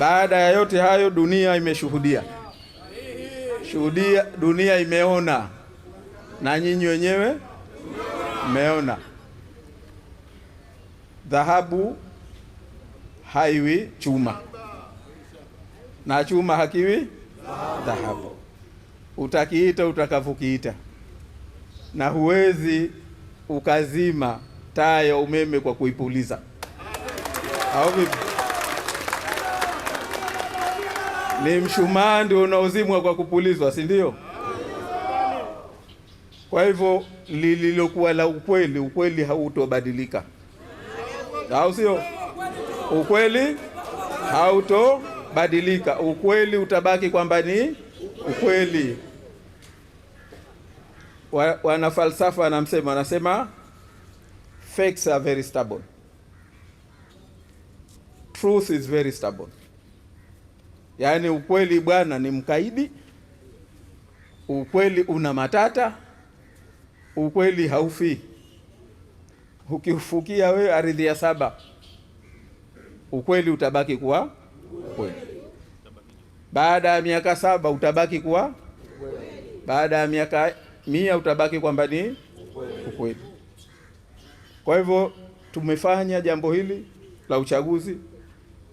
Baada ya yote hayo, dunia imeshuhudia shuhudia, dunia imeona, na nyinyi wenyewe mmeona. Dhahabu haiwi chuma na chuma hakiwi dhahabu, utakiita utakavyokiita, na huwezi ukazima taa ya umeme kwa kuipuliza au vipi? ni mshumaa ndio unaozimwa kwa kupulizwa, si ndio? Kwa hivyo lililokuwa la ukweli, ukweli hautobadilika, au sio? Ukweli hautobadilika, ukweli utabaki kwamba ni ukweli. Wana falsafa wanamsema, wanasema facts are very stable, truth is very stable. Yaani ukweli bwana ni mkaidi, ukweli una matata, ukweli haufi. Ukiufukia we ardhi ya saba, ukweli utabaki kuwa ukweli Baada ya miaka saba utabaki kuwa ukweli. Baada ya miaka mia utabaki kwamba ni ukweli. Kwa hivyo tumefanya jambo hili la uchaguzi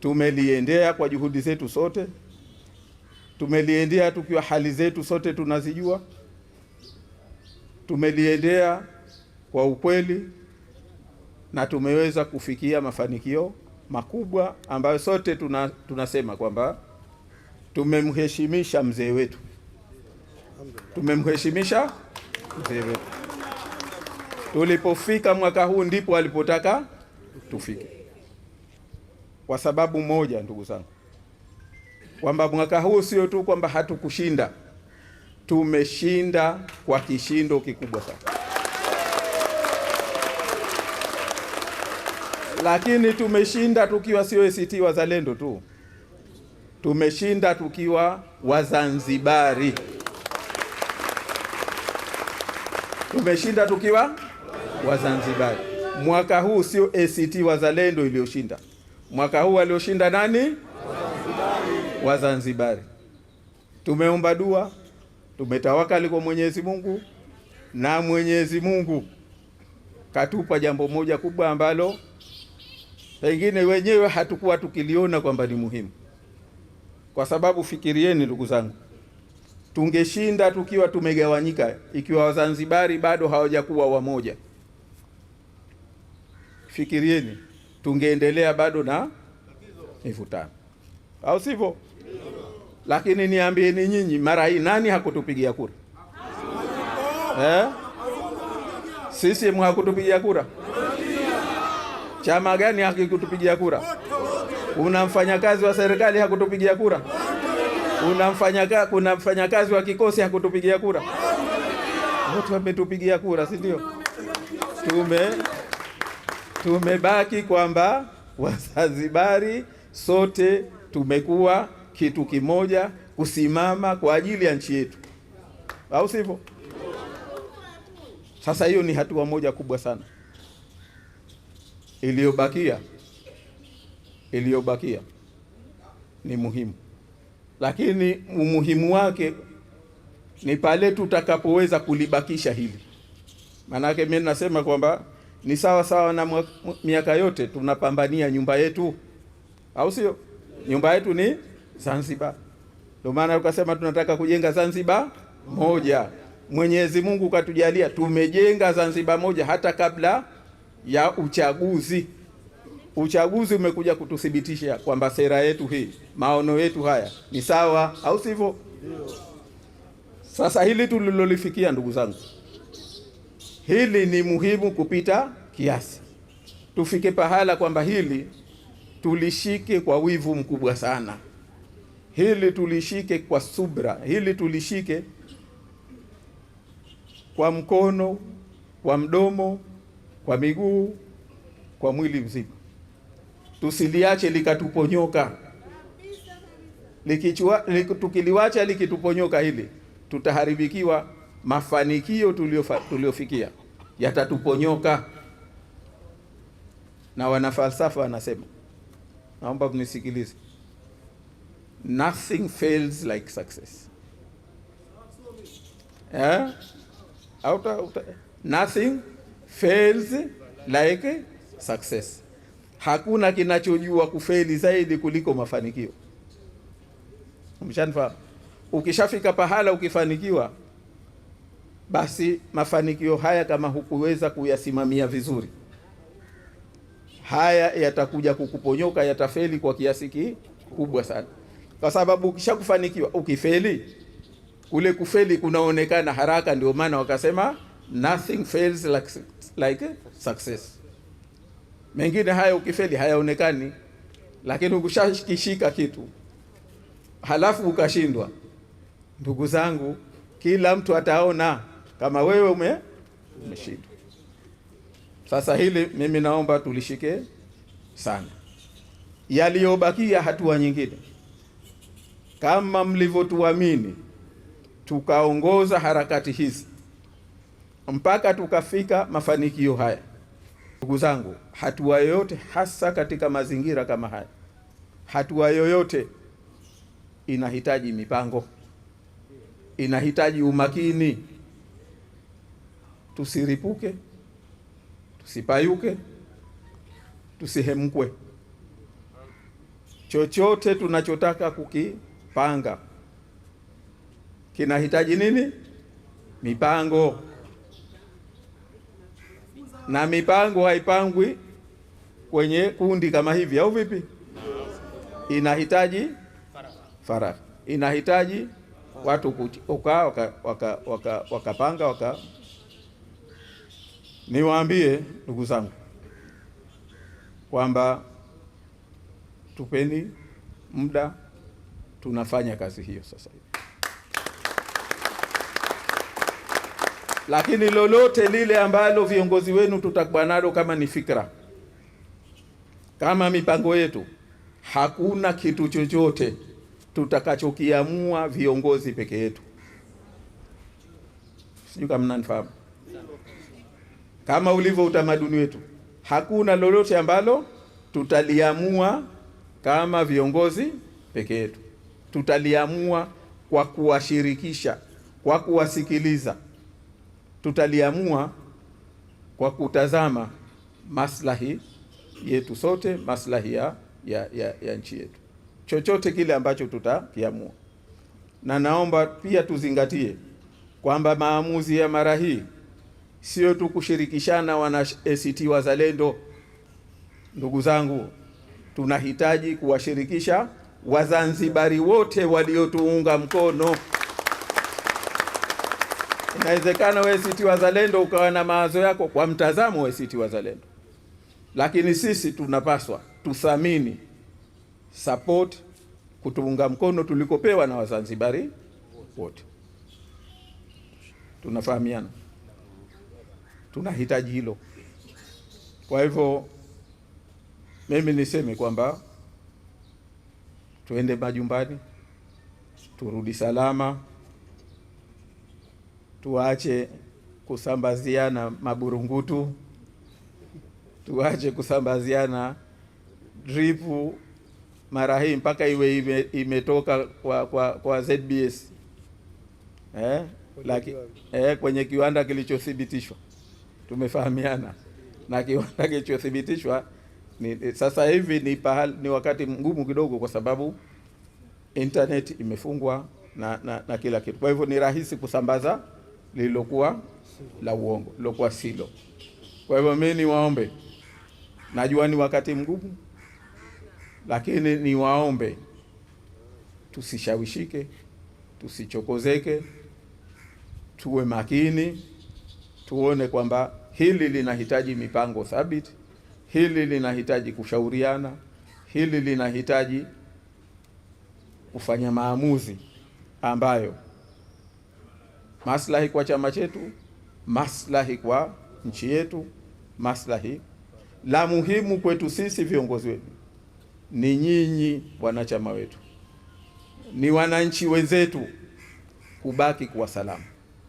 tumeliendea kwa juhudi zetu sote, tumeliendea tukiwa hali zetu sote tunazijua, tumeliendea kwa ukweli na tumeweza kufikia mafanikio makubwa ambayo sote tuna, tunasema kwamba tumemheshimisha mzee wetu, tumemheshimisha mzee wetu. Tulipofika mwaka huu ndipo alipotaka tufike kwa sababu moja, ndugu zangu, kwamba mwaka huu sio tu kwamba hatukushinda, tumeshinda kwa kishindo kikubwa sana, lakini tumeshinda tukiwa sio ACT Wazalendo tu, tumeshinda tukiwa Wazanzibari, tumeshinda tukiwa Wazanzibari. Mwaka huu sio ACT Wazalendo iliyoshinda, Mwaka huu walioshinda nani? Wazanzibari. Tumeomba dua, tumetawakali kwa Mwenyezi Mungu na Mwenyezi Mungu katupa jambo moja kubwa ambalo pengine wenyewe hatukuwa tukiliona kwamba ni muhimu, kwa sababu fikirieni, ndugu zangu, tungeshinda tukiwa tumegawanyika, ikiwa Wazanzibari bado hawajakuwa wamoja. Fikirieni tungeendelea bado na mivutano, au sivyo? Lakini niambieni nyinyi, mara hii nani hakutupigia kura eh? Sisi hakutupigia kura. Chama gani hakikutupigia kura? Kuna mfanyakazi wa serikali hakutupigia kura? Kuna mfanyakazi kuna mfanyakazi wa kikosi hakutupigia kura? Wote wametupigia kura, si ndio? tume tumebaki kwamba Wazanzibari sote tumekuwa kitu kimoja, kusimama kwa ajili ya nchi yetu, au sivyo? Sasa hiyo ni hatua moja kubwa sana iliyobakia, iliyobakia ni muhimu, lakini umuhimu wake ni pale tutakapoweza kulibakisha hili. Maanake mimi nasema kwamba ni sawa sawa na miaka yote tunapambania nyumba yetu, au sio? Nyumba yetu ni Zanzibar, ndio maana ukasema tunataka kujenga Zanzibar moja. Mwenyezi Mungu katujalia tumejenga Zanzibar moja hata kabla ya uchaguzi. Uchaguzi umekuja kututhibitisha kwamba sera yetu hii, maono yetu haya ni sawa, au sivyo? Sasa hili tulilolifikia, ndugu zangu Hili ni muhimu kupita kiasi. Tufike pahala kwamba hili tulishike kwa wivu mkubwa sana, hili tulishike kwa subra, hili tulishike kwa mkono, kwa mdomo, kwa miguu, kwa mwili mzima. Tusiliache likatuponyoka likichua, tukiliwacha likituponyoka hili tutaharibikiwa mafanikio tuliofikia yatatuponyoka. Na wanafalsafa wanasema, naomba mnisikilize, nothing fails like success eh? Auta, auta. Nothing fails like success, hakuna kinachojua kufeli zaidi kuliko mafanikio. Mshanifahamu? Ukishafika pahala ukifanikiwa basi mafanikio haya kama hukuweza kuyasimamia vizuri, haya yatakuja kukuponyoka, yatafeli kwa kiasi kikubwa sana, kwa sababu ukishakufanikiwa ukifeli, kule kufeli kunaonekana haraka. Ndio maana wakasema nothing fails like, like success. Mengine haya ukifeli hayaonekani, lakini ukishakishika kitu halafu ukashindwa, ndugu zangu, kila mtu ataona kama wewe ume umeshindwa. Sasa hili mimi naomba tulishike sana. Yaliyobakia hatua nyingine, kama mlivyotuamini tukaongoza harakati hizi mpaka tukafika mafanikio haya. Ndugu zangu, hatua yoyote, hasa katika mazingira kama haya, hatua yoyote inahitaji mipango, inahitaji umakini tusiripuke, tusipayuke, tusihemkwe. Chochote tunachotaka kukipanga kinahitaji nini? Mipango, na mipango haipangwi kwenye kundi kama hivi, au vipi? Inahitaji faragha, inahitaji watu kukaa wakapanga waka, waka, waka, waka Niwaambie ndugu zangu kwamba tupeni muda, tunafanya kazi hiyo sasa hivi lakini lolote lile ambalo viongozi wenu tutakuwa nalo, kama ni fikra, kama mipango yetu, hakuna kitu chochote tutakachokiamua viongozi peke yetu. Sijui kama mnanifahamu kama ulivyo utamaduni wetu. Hakuna lolote ambalo tutaliamua kama viongozi peke yetu, tutaliamua kwa kuwashirikisha, kwa kuwasikiliza, tutaliamua kwa kutazama maslahi yetu sote, maslahi ya, ya, ya, ya nchi yetu, chochote kile ambacho tutakiamua. Na naomba pia tuzingatie kwamba maamuzi ya mara hii sio tu kushirikishana wana ACT Wazalendo. Ndugu zangu, tunahitaji kuwashirikisha Wazanzibari wote waliotuunga mkono. Inawezekana wewe ACT Wazalendo ukawa na mawazo yako kwa mtazamo wa ACT Wazalendo, lakini sisi tunapaswa tuthamini support, kutuunga mkono tulikopewa na Wazanzibari wote. Tunafahamiana tunahitaji hilo. Kwa hivyo mimi niseme kwamba tuende majumbani, turudi salama, tuache kusambaziana maburungutu, tuache kusambaziana dripu mara hii mpaka iwe ime, imetoka kwa, kwa, kwa ZBS eh? Laki, eh, kwenye kiwanda kilichothibitishwa tumefahamiana na kiwanda kilichothibitishwa ni, sasa hivi ni pahali, ni wakati mgumu kidogo, kwa sababu internet imefungwa na, na, na kila kitu. Kwa hivyo ni rahisi kusambaza lililokuwa la uongo, lilokuwa silo. Kwa hivyo mimi niwaombe, najua ni wakati mgumu, lakini niwaombe tusishawishike, tusichokozeke, tuwe makini tuone kwamba hili linahitaji mipango thabiti, hili linahitaji kushauriana, hili linahitaji kufanya maamuzi ambayo maslahi kwa chama chetu, maslahi kwa nchi yetu, maslahi la muhimu kwetu sisi viongozi wetu ni nyinyi wanachama wetu, ni wananchi wenzetu, kubaki kuwa salama.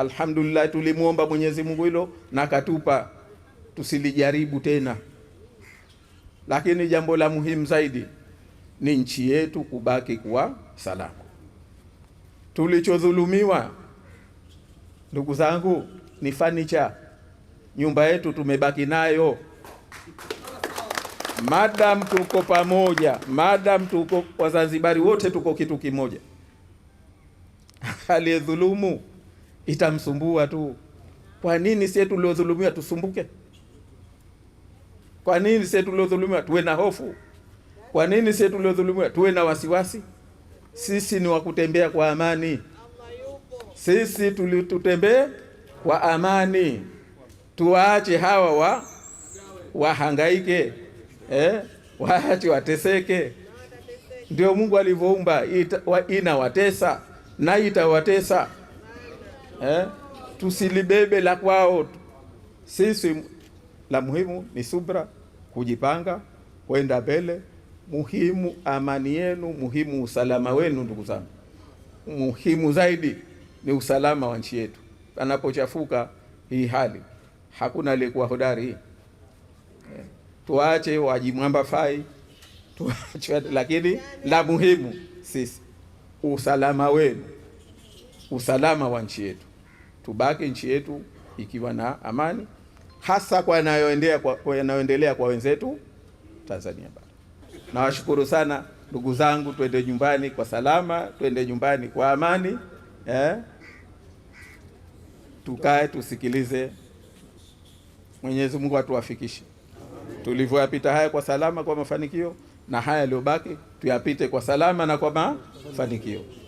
Alhamdulillah, tulimwomba Mwenyezi Mungu hilo na akatupa tusilijaribu tena. Lakini jambo la muhimu zaidi ni nchi yetu kubaki kuwa salama. Tulichodhulumiwa ndugu zangu ni fanicha, nyumba yetu tumebaki nayo madam tuko pamoja, madam tuko Wazanzibari wote tuko kitu kimoja. Aliyedhulumu itamsumbua tu. Kwa nini sie tuliodhulumiwa tusumbuke? Kwa nini sie tuliodhulumiwa tuwe na hofu? Kwa nini sie tuliodhulumiwa tuwe na wasiwasi? Sisi ni wakutembea kwa amani, sisi tulitutembee kwa amani, tuwaache hawa wa wahangaike eh? Waache wateseke. Ndio Mungu alivyoumba, inawatesa na itawatesa eh, tusilibebe la kwao. Sisi la muhimu ni subra, kujipanga, kwenda mbele. Muhimu amani yenu, muhimu usalama wenu, ndugu zangu. Muhimu zaidi ni usalama wa nchi yetu. anapochafuka hii hali, hakuna aliyekuwa hodari hii eh. Tuache wajimwamba fai tuache, lakini la muhimu sisi usalama wenu, usalama wa nchi yetu tubaki nchi yetu ikiwa na amani, hasa kwa yanayoendelea kwa, kwa, kwa wenzetu Tanzania bara. Nawashukuru sana ndugu zangu, twende nyumbani kwa salama, twende nyumbani kwa amani eh? Tukae tusikilize, Mwenyezi Mungu atuwafikishe tulivyoyapita haya kwa salama, kwa mafanikio, na haya yaliyobaki tuyapite kwa salama na kwa mafanikio.